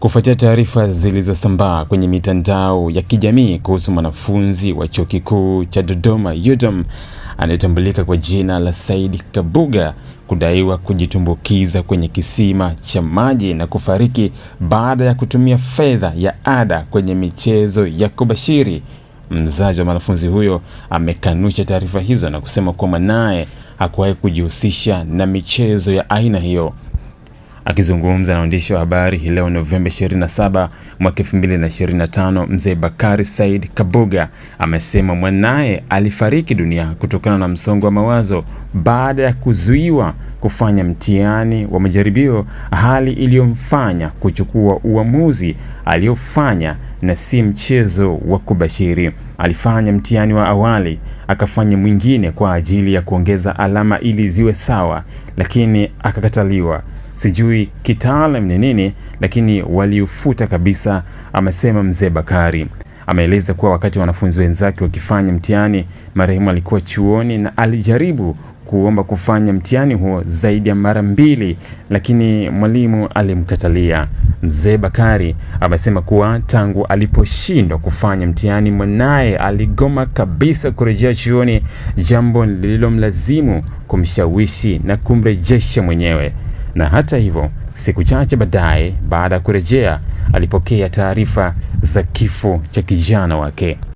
Kufuatia taarifa zilizosambaa kwenye mitandao ya kijamii kuhusu mwanafunzi wa Chuo Kikuu cha Dodoma UDOM anayetambulika kwa jina la Said Kabuga kudaiwa kujitumbukiza kwenye kisima cha maji na kufariki baada ya kutumia fedha ya ada kwenye michezo ya kubashiri, mzazi wa mwanafunzi huyo amekanusha taarifa hizo na kusema kuwa mwanaye hakuwahi kujihusisha na michezo ya aina hiyo. Akizungumza na waandishi wa habari hii leo Novemba 27 mwaka 2025, Mzee Bakari Said Kabuga amesema mwanaye alifariki dunia kutokana na msongo wa mawazo baada ya kuzuiwa kufanya mtihani wa majaribio, hali iliyomfanya kuchukua uamuzi aliyofanya na si mchezo wa kubashiri. Alifanya mtihani wa awali akafanya mwingine kwa ajili ya kuongeza alama ili ziwe sawa, lakini akakataliwa. Sijui kitaalam ni nini, lakini waliufuta kabisa, amesema mzee Bakari. Ameeleza kuwa wakati wanafunzi wenzake wakifanya mtihani, marehemu alikuwa chuoni na alijaribu kuomba kufanya mtihani huo zaidi ya mara mbili, lakini mwalimu alimkatalia. Mzee Bakari amesema kuwa tangu aliposhindwa kufanya mtihani, mwanaye aligoma kabisa kurejea chuoni, jambo lililomlazimu kumshawishi na kumrejesha mwenyewe. Na hata hivyo, siku chache baadaye, baada ya kurejea, alipokea taarifa za kifo cha kijana wake.